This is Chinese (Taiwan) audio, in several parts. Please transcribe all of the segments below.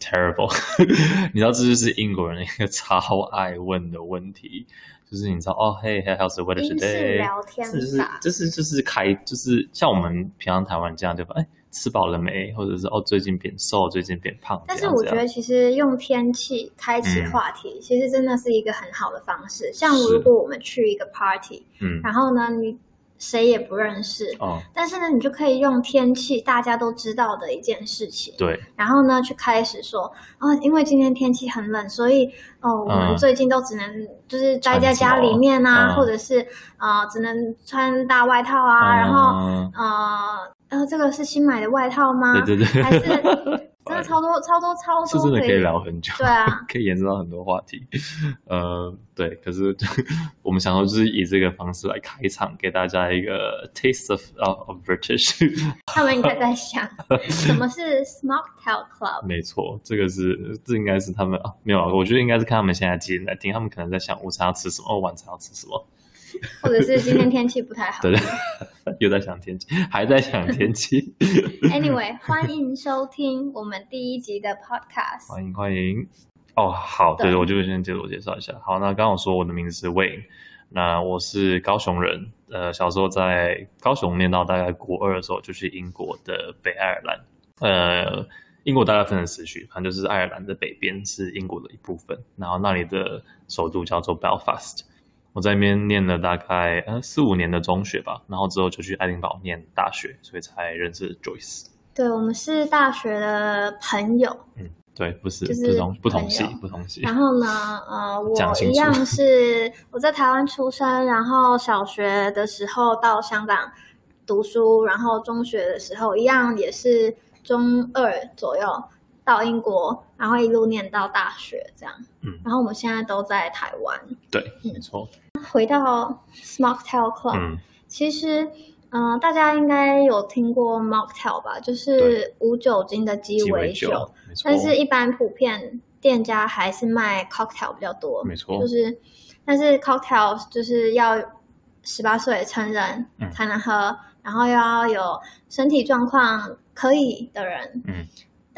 Terrible， 你知道這就是英國人一個超愛問的問題，就是你知道哦，Hey, hey, how's the weather today？這就是，就是，就是開，就是像我們平常台灣這樣對吧？哎、欸，吃飽了沒？或者是哦，最近變瘦，最近變胖？怎樣怎樣？但是我覺得其實用天氣開啟話題，其實真的是一個很好的方式。嗯、像如果我們去一個 party，嗯，然後呢，你，誰也不認識，哦、但是呢，你就可以用天氣大家都知道的一件事情，對，然後呢，去開始說，哦，因為今天天氣很冷，所以哦，嗯、我們最近都只能就是待在家裡面啊，嗯、或者是啊、呃，只能穿大外套啊，嗯、然後啊，然後，呃、呃、這個是新買的外套嗎？對對對，還是。 超多超多超多是真的可以聊很久，以對啊，可以延伸到很多話題，呃，對，可是我們想說就是以這個方式來開場，給大家一個 taste of、uh, of British。他們應該在想 什麼是 Smocktail Club？沒錯，這個是這應該是他們啊，沒有，我覺得應該是看他們現在幾點在聽，他們可能在想午餐要吃什麼，晚餐要吃什麼。或者是今天天氣不太好。對 對，又在想天氣，還在想天氣。 Anyway，歡迎收聽我們第一集的 Podcast。歡迎歡迎。哦，好的對，我就先自我介紹一下。好，那剛剛我說我的名字是 Wayne，那我是高雄人。呃，小時候在高雄念到大概國二的時候，就去英國的北愛爾蘭。呃，英國大概分成四區，反正就是愛爾蘭的北邊是英國的一部分。然後那裡的首都叫做 Belfast。我在那邊念了大概呃四五年的中學吧，然後之後就去愛丁堡念大學，所以才認識 Joyce。對，我們是大學的朋友。嗯，對，不是，就是不同不同系不同系。然後呢，呃，我一樣是我在台灣出生，然後小學的時候到香港讀書，然後中學的時候一樣也是中二左右，到英國，然後一路念到大學，這樣。嗯。然後我們現在都在台灣。對，嗯、沒錯。回到 Smocktail Club，其實，嗯、呃，大家應該有聽過 Mocktail 吧？就是無酒精的雞尾酒。雞尾酒。但是一般普遍店家還是賣 Cocktail 比較多。沒錯。就是，但是 Cocktail 就是要十八歲的成人才能喝，嗯、然後又要有身體狀況可以的人。嗯。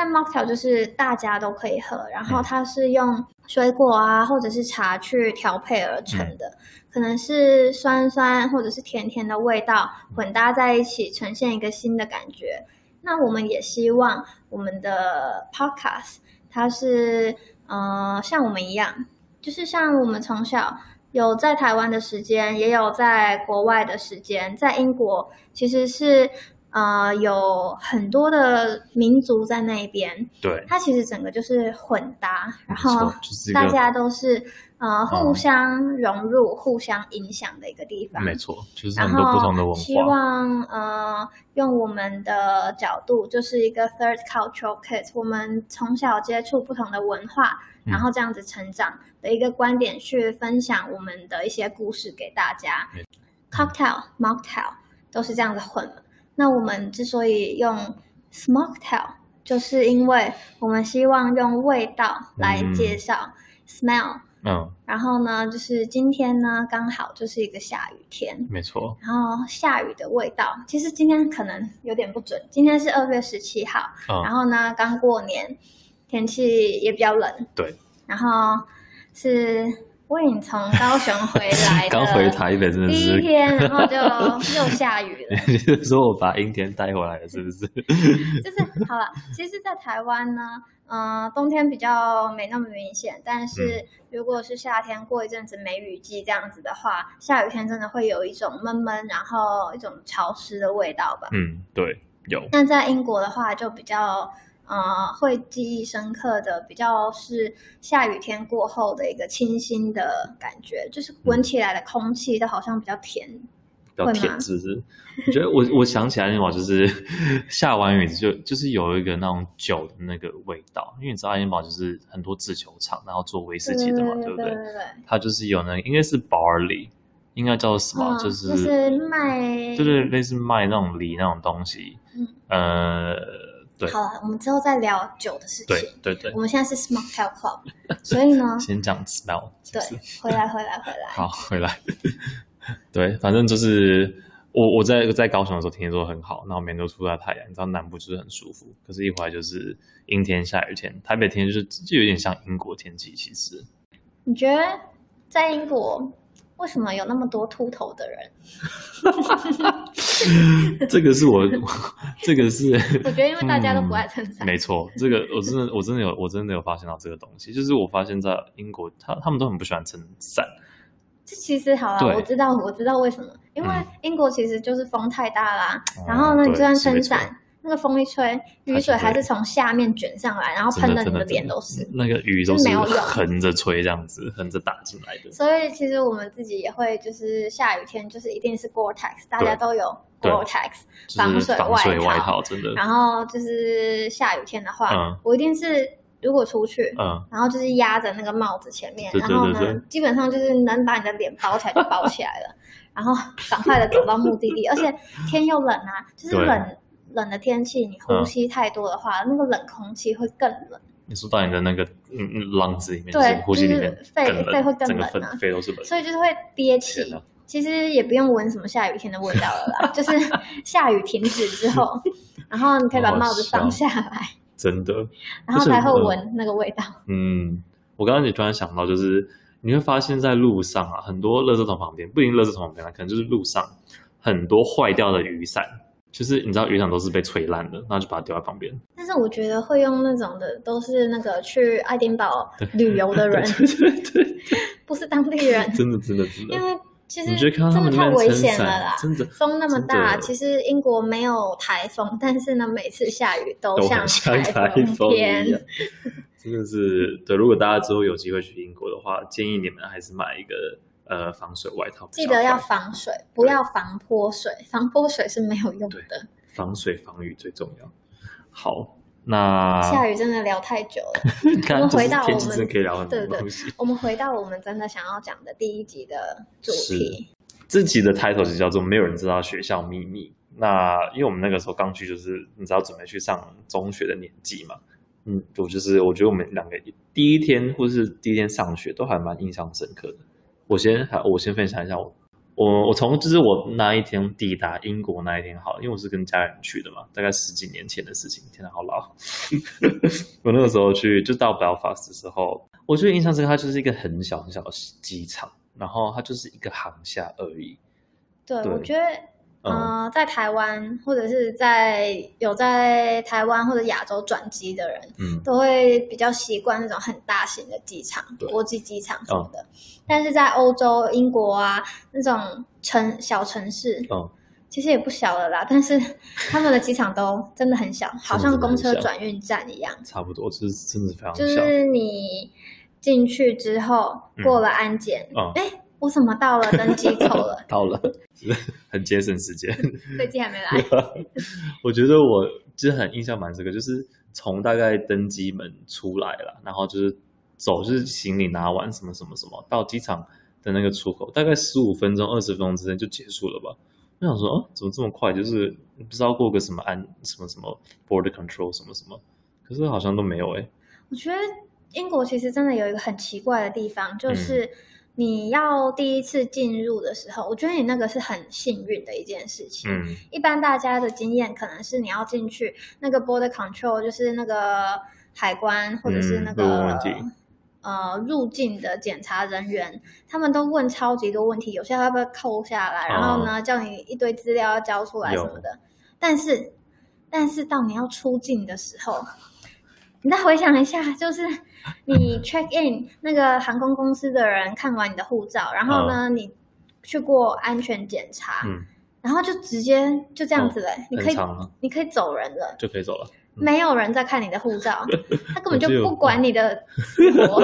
但 mocktail 就是大家都可以喝，然後它是用水果啊，或者是茶去調配而成的，可能是酸酸或者是甜甜的味道混搭在一起，呈現一個新的感覺。那我們也希望我們的 podcast，它是嗯、呃，像我們一樣，就是像我們從小有在台灣的時間，也有在國外的時間，在英國其實是。呃，有很多的民族在那邊，對，它其實整個就是混搭，然後大家都是、就是、呃互相融入、哦、互相影響的一個地方，沒錯，就是很多不同的文化。希望呃用我們的角度，就是一個 third culture kid，我們從小接觸不同的文化，嗯、然後這樣子成長的一個觀點去分享我們的一些故事給大家。沒錯，Cocktail, mocktail，都是這樣子混的。那我們之所以用 Smocktail 就是因為我們希望用味道來介紹 smell。嗯，smell, 嗯，然後呢，就是今天呢剛好就是一個下雨天，沒錯。然後下雨的味道，其實今天可能有點不準。今天是二月十七號，嗯，然後呢剛過年，天氣也比較冷。對，然後是。我你從高雄回來的， 剛回台北，真的是第一天，然後就又下雨了。 你就是說我把陰天帶回來了，是不是？就是好了，其實，在台灣呢，嗯、呃，冬天比較沒那麼明顯，但是如果是夏天過一陣子梅雨季這樣子的話，下、嗯、雨天真的會有一種悶悶，然後一種潮濕的味道吧。嗯，對，有。那在英國的話，就比較，啊、呃，會記憶深刻的比較是下雨天過後的一個清新的感覺，就是聞起來的空氣它好像比較甜，嗯、比較甜，就嗎是我覺得我我想起來的話就是 下完雨就就是有一個那種酒的那個味道，因為你知道愛丁堡就是很多製酒廠，然後做威士忌的嘛，對不對，對，對，對，對？對它就是有那個應該是 barley，l e 應該叫做什麼、嗯？就是、就是賣，嗯、就是類似賣那種梨那種東西，嗯、呃。對好了，我們之後再聊酒的事情。對對對，對對我們現在是 Smocktail Club， 所以呢，先講 Smell、就是、Smell 對，回來回來回來。回來好，回來。 對，反正就是我我在在高雄的時候，天氣都很好，然後每天都出大太陽，你知道南部就是很舒服。可是，一回來就是陰天下雨天，台北天就是就有點像英國天氣。其實，你覺得在英國？為什麼有那麼多禿頭的人？ 這個是我，我這個是我覺得，因為大家都不愛撐傘、嗯。沒錯，這個我真的，我真的有，我真的有發現到這個東西，就是我發現在英國，他他們都很不喜歡撐傘。這其實好啦，對我知道，我知道為什麼，因為英國其實就是風太大啦。嗯、然後呢，嗯、你就算撐傘。那個風一吹，雨水還是從下面捲上來，然後噴到你的臉都是真的，真的，真的。那個雨都是橫着吹，這樣子橫着打進來的。所以其實我們自己也會，就是下雨天，就是一定是 Gore-Tex，大家都有 Gore-Tex 對防水外套，就是、防水外套真的。然後就是下雨天的話，嗯、我一定是如果出去，嗯、然後就是壓着那個帽子前面，對對對對，然後呢，基本上就是能把你的臉包起來就包起來了， 然後趕快的走到目的地， 而且天又冷啊，就是冷。冷的天氣，你呼吸太多的話，那個冷空氣會更冷。你說到你的那個嗯嗯，lungs 裡面，對，就是肺肺會更冷，肺都是冷，所以就是會憋氣。其實也不用聞什麼下雨天的味道了啦，就是下雨停止之後，然後你可以把帽子放下來，真的，然後才會聞那個味道。嗯，我剛剛也突然想到，就是你會發現在路上啊，很多垃圾桶旁邊，不一定垃圾桶旁邊，可能就是路上很多壞掉的雨傘。就是你知道雨傘都是被吹爛的，那就把它丟在旁邊。但是我覺得會用那種的都是那個去愛丁堡旅遊的人， 對對對對，不是當地人，真的真的真的。因為其實真的太危險了啦，真的風那麼大。的其實英國沒有颱風，但是呢，每次下雨都像颱風天。風天，真的是，對，如果大家之後有機會去英國的話，建議你們還是買一個。呃，防水外套記得要防水，對不要防潑水，防潑水是沒有用的。防水防雨最重要。好，那下雨真的聊太久了， 我們回到我們 對對對，我們回到我們真的想要講的第一集的主題。是這集的 title 就叫做《沒有人知道學校秘密》。那因為我們那個時候剛去，就是你知道準備去上中學的年紀嘛，嗯，我就是我覺得我們兩個第一天或是第一天上學都還蠻印象深刻的。我先好，我先分享一下我我我從就是我那一天抵達英國那一天好，因為我是跟家人去的嘛，大概十幾年前的事情，天吶，好老。 我那個時候去就到 Belfast 的時候，我就印象深刻，它就是一個很小很小的機場，然後它就是一個航廈而已。對，對我覺得。嗯、呃，在台灣或者是在有在台灣或者亞洲轉機的人，嗯、都會比較習慣那種很大型的機場，對國際機場什麼的。哦、但是在歐洲，英國啊那種城、小城市，哦、其實也不小的啦，但是他們的機場都真的很小， 好像公車轉運站一樣，真的真的，差不多，就是真的非常。就是你進去之後過了安檢，哎、嗯嗯，欸，我怎麼到了登機口了？ 到了。 很節省時間 ，飛機還沒來。 我覺得我就很印象蠻這個就是從大概登機門出來了，然後就是走，就是行李拿完什麼什麼什麼，到機場的那個出口，大概十五分鐘、二十分鐘之間就結束了吧。我想說，哦，怎麼這麼快？就是不知道過個什麼安什麼什麼 border control 什麼什麼，可是好像都沒有哎、欸。我覺得英國其實真的有一個很奇怪的地方，就是、嗯。你要第一次進入的時候，我覺得你那個是很幸運的一件事情。嗯、一般大家的經驗可能是你要進去那個 border control，就是那個海關或者是那個、嗯、呃入境的檢查人員，他們都問超級多問題，有些會被扣下來，哦、然後呢叫你一堆資料要交出來什麼的。有但是，但是到你要出境的時候。你再回想一下，就是你 check in 那個航空公司的人看完你的護照，然後呢，啊、你去過安全檢查，嗯、然後就直接就這樣子嘞，哦、你可以、啊、你可以走人了，就可以走了。嗯、沒有人在看你的護照，他根本就不管你的死活。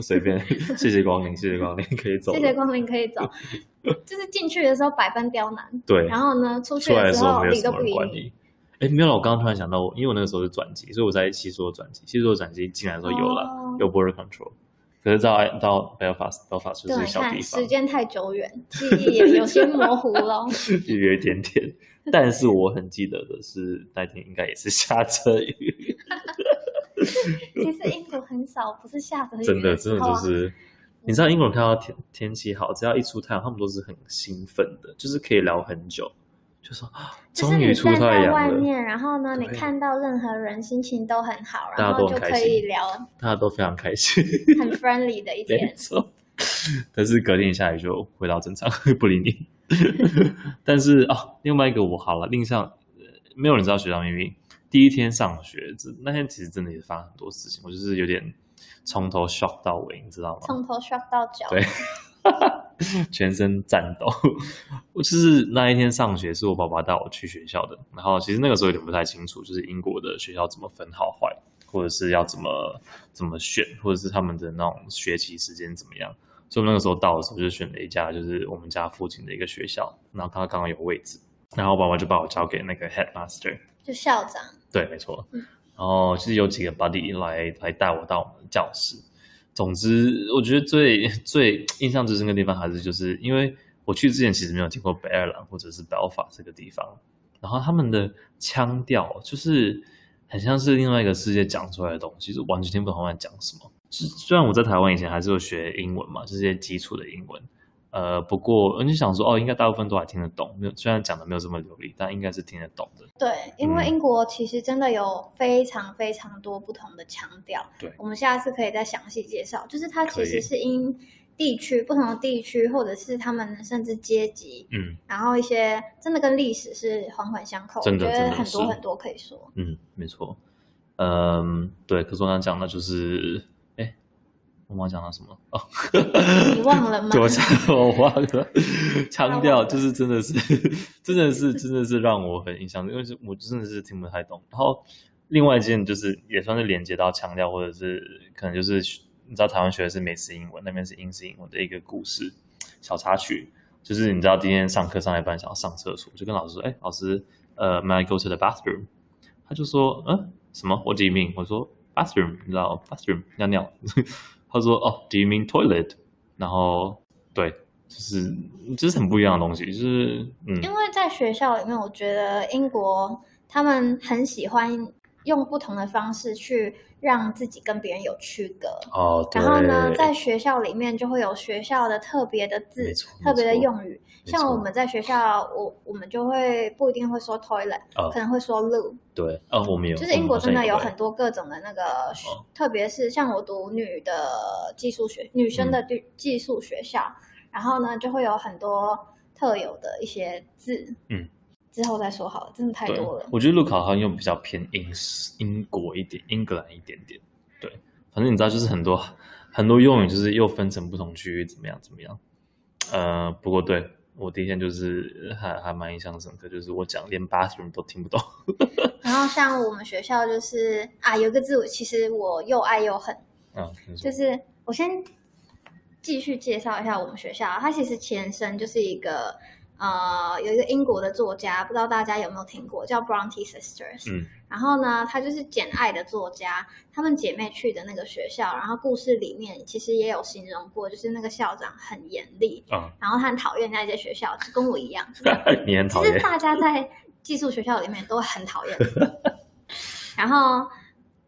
隨便，謝謝光臨，謝謝光臨，可以走。謝謝光臨，可以走。就是進去的時候百般刁難，對，然後呢，出去的時候理都不理你。哎，沒有，我剛剛突然想到我，因為我那個時候是轉機，所以我在希斯羅轉機，希斯羅轉機進來的時候有了，哦、有 border control。可是到到 Belfast 到 Belfast 這個小地方，時間太久遠，記憶也有些模糊了，有 一點點。但是我很記得的是， 那天應該也是下着雨。 其實英國很少不是下着雨，真的真的就是。哇你知道英國看到天天氣好，只要一出太陽，他們都是很興奮的，就是可以聊很久。就說，終於出太陽了，就是你坐在外面，然後呢，對你看到任何人心情都很好，然後就可以聊大，大家都非常開心，很 friendly 的一天。但是隔天下雨就回到正常，不理你。 但是哦、啊，另外一個我好了，另上，沒有人知道學校秘密。第一天上學，那天其實真的也發生很多事情，我就是有點從頭 shock 到尾，你知道嗎？從頭 shock 到腳，對。 全身顫戰抖。我 就是那一天上學，是我爸爸帶我去學校的。然後其實那個時候有點不太清楚，就是英國的學校怎麼分好壞，或者是要怎麼怎麼選，或者是他們的那種學習時間怎麼樣。所以那個時候到的時候，就選了一家就是我們家附近的一個學校，然後他剛剛好有位置。然後我爸爸就把我交給那個 headmaster，就校長。對，沒錯。嗯、然後其實有幾個 buddy 來來帶我到我們的教室。總之，我覺得最最印象最深的地方還是就是，因為我去之前其實沒有聽過北愛爾蘭或者是 Belfast 這個地方，然後他們的腔調就是很像是另外一個世界講出來的東西，就完全聽不懂他們在講什麼。雖然我在台灣以前還是有學英文嘛，這些基礎的英文。呃，不過你想說哦，應該大部分都還聽得懂，沒有雖然講的沒有這麼流利，但應該是聽得懂的。對，因為英國其實真的有非常非常多不同的腔調。對、嗯，我們下次可以再詳細介紹，對就是它其實是因地區以不同的地區，或者是他們甚至階級，嗯，然後一些真的跟歷史是環環相扣，真的，真的我覺得很多很多可以說。嗯，沒錯。嗯，對，可是我剛講的就是。我忘了講到什麼哦？Oh, 你忘了嗎？我我忘了，腔調就是真的是 真的是真的是，真的是讓我很印象，因為是我真的是聽不太懂。然後另外一件就是也算是連接到腔調，或者是可能就是你知道台灣學的是美式英文，那邊是英式英文的一個故事小插曲，就是你知道今天上課上一半想要上廁所，就跟老師說：“哎，老師，呃、uh,，may I go to the bathroom。”他就說：“嗯，什麼？What do you mean? 我說：“bathroom，你知道，bathroom 尿尿。 ”他說：“哦、oh, do you mean toilet，然後對，就是這是很不一樣的東西，嗯、就是嗯，因為在學校裡面，我覺得英國他們很喜歡。”用不同的方式去讓自己跟別人有區隔哦。Oh, 對然後呢，在學校裡面就會有學校的特別的字，特別的用語。錯像我們在學校，我我們就會不一定會說 toilet，oh, 可能會說 loo。對，啊，我們有。就是英國真的有很多各種的那個，特別是像我讀女的寄宿學女生的寄宿學校，嗯、然後呢，就會有很多特有的一些字，嗯。之後再說好了，真的太多了。我覺得路考好像又比較偏英，英國一點，英格蘭一點點。對，反正你知道，就是很多很多用語，就是又分成不同區域，怎麼樣怎麼樣。呃，不過對，我第一天就是還還蠻印象深刻，整個就是我講連 bathroom 都聽不懂。呵呵，然後像我們學校就是啊，有個字，其實我又愛又恨。嗯，啊，就是我先繼續介紹一下我們學校，它其實前身就是一個。呃，有一個英國的作家，不知道大家有沒有聽過，叫 Bronte Sisters。嗯、然後呢，他就是《簡愛》的作家，他們姐妹去的那個學校，然後故事裡面其實也有形容過，就是那個校長很嚴厲，哦、然後他很討厭那些學校，是跟我一樣， 你很討厭。其實大家在寄宿學校裡面都很討厭。 然後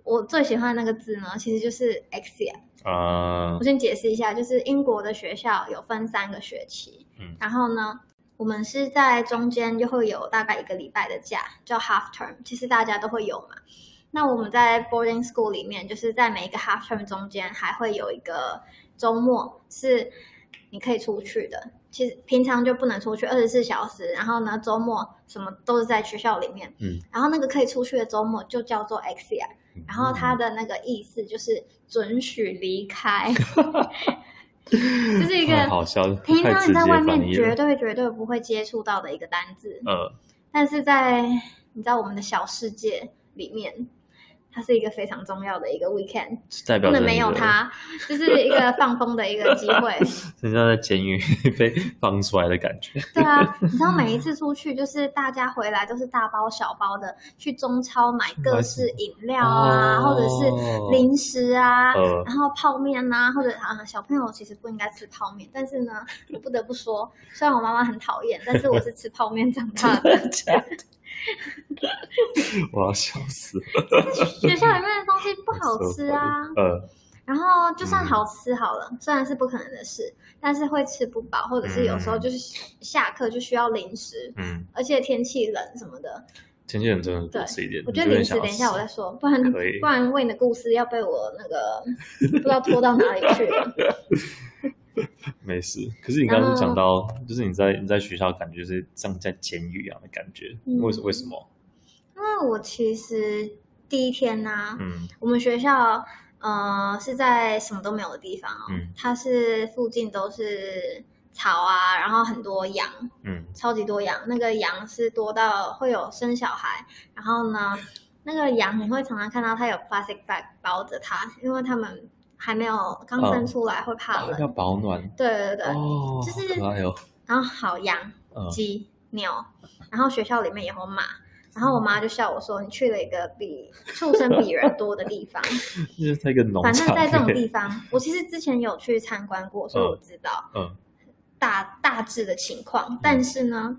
我最喜歡那個字呢，其實就是 exeat 啊，嗯、我先解釋一下，就是英國的學校有分三個學期，嗯、然後呢。我們是在中間就會有大概一個禮拜的假，叫 half term。其實大家都會有嘛。那我們在 boarding school 裡面，就是在每一個 half term 中間，還會有一個周末是你可以出去的。其實平常就不能出去二十四小時。然後呢，周末什麼都是在學校裡面。嗯。然後那個可以出去的周末就叫做 exeat。然後它的那個意思就是准許離開。 就是一個，平常你在外面絕對絕對不會接觸到的一個單字，呃，但是在你知道我們的小世界裡面。它是一個非常重要的一個 weekend，代表不能沒有它， 就是一個放風的一個機會，就像在監獄被放出來的感覺。對啊，你知道每一次出去，就是大家回來都是大包小包的 去中超買各式飲料啊，哦、或者是零食啊，呃、然後泡麵啊，或者啊小朋友其實不應該吃泡麵，但是呢，我不得不說，雖然我媽媽很討厭，但是我是吃泡麵長大的。 我要笑死！學校裡面的東西不好吃啊。嗯。然後就算好吃好了，雖然是不可能的事，但是會吃不飽，或者是有時候就是下課就需要零食。嗯。而且天氣冷什麼的。天氣冷真的多吃一點。我覺得零食，等一下我再說，不然不然，為你的故事要被我那個不知道拖到哪裡去了。沒事，可是你剛剛講到，就是你在麼你在學校感覺是像在監獄一樣的感覺，為、嗯、為什麼？因為我其實第一天呢、啊，嗯，我們學校、呃、是在什麼都沒有的地方、哦，嗯，它是附近都是草啊，然後很多羊，嗯，超級多羊，那個羊是多到會有生小孩，然後呢，那個羊你會常常看到它有 plastic bag 包着它，因為它們。還沒有剛生出來會怕冷，uh, 要保暖。對對對，oh, 就是。哦、然後，好羊、雞、uh,、牛，然後學校裡面也有馬。然後我媽就笑我說：“你去了一個比畜生比人多的地方。 就是這個”個農場，反正在這種地方，對我其實之前有去參觀過，所以我知道，嗯、uh, uh,，大大致的情況。嗯、但是呢，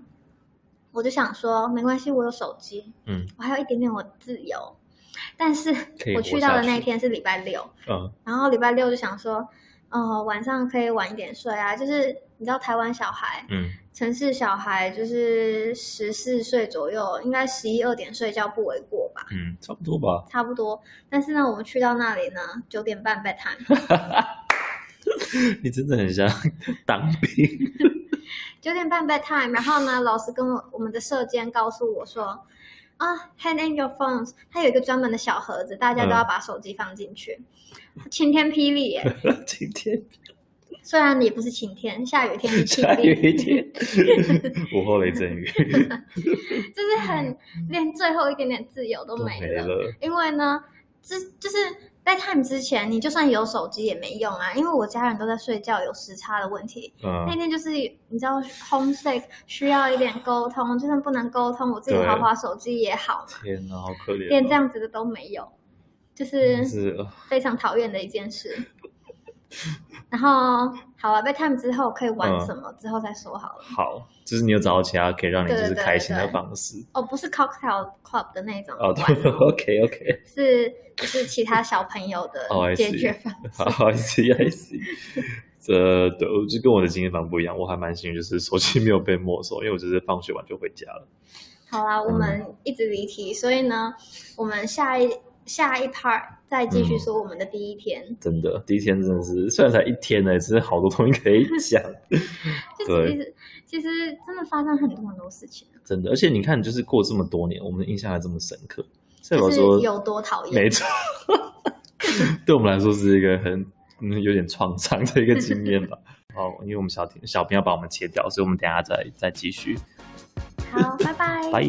我就想說，沒關係，我有手機，嗯，我還有一點點我自由。但是我去到的那一天是禮拜六，嗯，然後禮拜六就想說，哦、呃，晚上可以晚一點睡啊。就是你知道台灣小孩，嗯，城市小孩就是十四歲左右，應該十一二點睡覺不為過吧？嗯，差不多吧。差不多。但是呢，我們去到那裡呢，九點半 bedtime。e 你真的很像當兵 九點半 bedtime。e 然後呢，老師跟我我們的舍監告訴我說，啊、oh，Hand in your phones，它有一個專門的小盒子，大家都要把手機放進去。嗯、晴天霹靂耶、欸！ 晴天，雖然你不是晴天，下雨天是晴天，下雨天，午 後雷陣雨， 就是很，連最後一點點自由都沒了。沒了，因為呢，這就是。在探之前，你就算有手機也沒用啊，因為我家人都在睡覺，有時差的問題。嗯、那天就是你知道，homesick 需要一點溝通，就算不能溝通，我自己滑滑手機也好。天哪，好可憐、啊，連這樣子的都沒有，就是非常討厭的一件事。 然後好了、啊，被 time 之後可以玩什麼？嗯、之後再說好了。好，就是你有找到其他可以讓你就是開心的方式。嗯、對對對對哦，不是 Cocktail Club 的那種。哦，對，OK OK。是、就是其他小朋友的解決方式。哦，I see，I see。這對，我就跟我的經驗房不一樣。我還蠻幸運，就是手機沒有被沒收，因為我只是放學完就回家了。好啦、啊，我們一直離題，嗯、所以呢，我們下一下一 part。再繼續說我們的第一天，嗯、真的第一天真的是，雖然才一天呢、欸，是好多東西可以講。 就是、對，其實其實真的發生很多很多事情、啊。真的，而且你看，就是過這麼多年，我們印象還這麼深刻。所以說有多討厭？沒錯，對我們來說是一個很有點創傷的一個經驗吧。哦， 因為我們小小編要把我們切掉，所以我們等下再再繼續。好，拜拜，拜。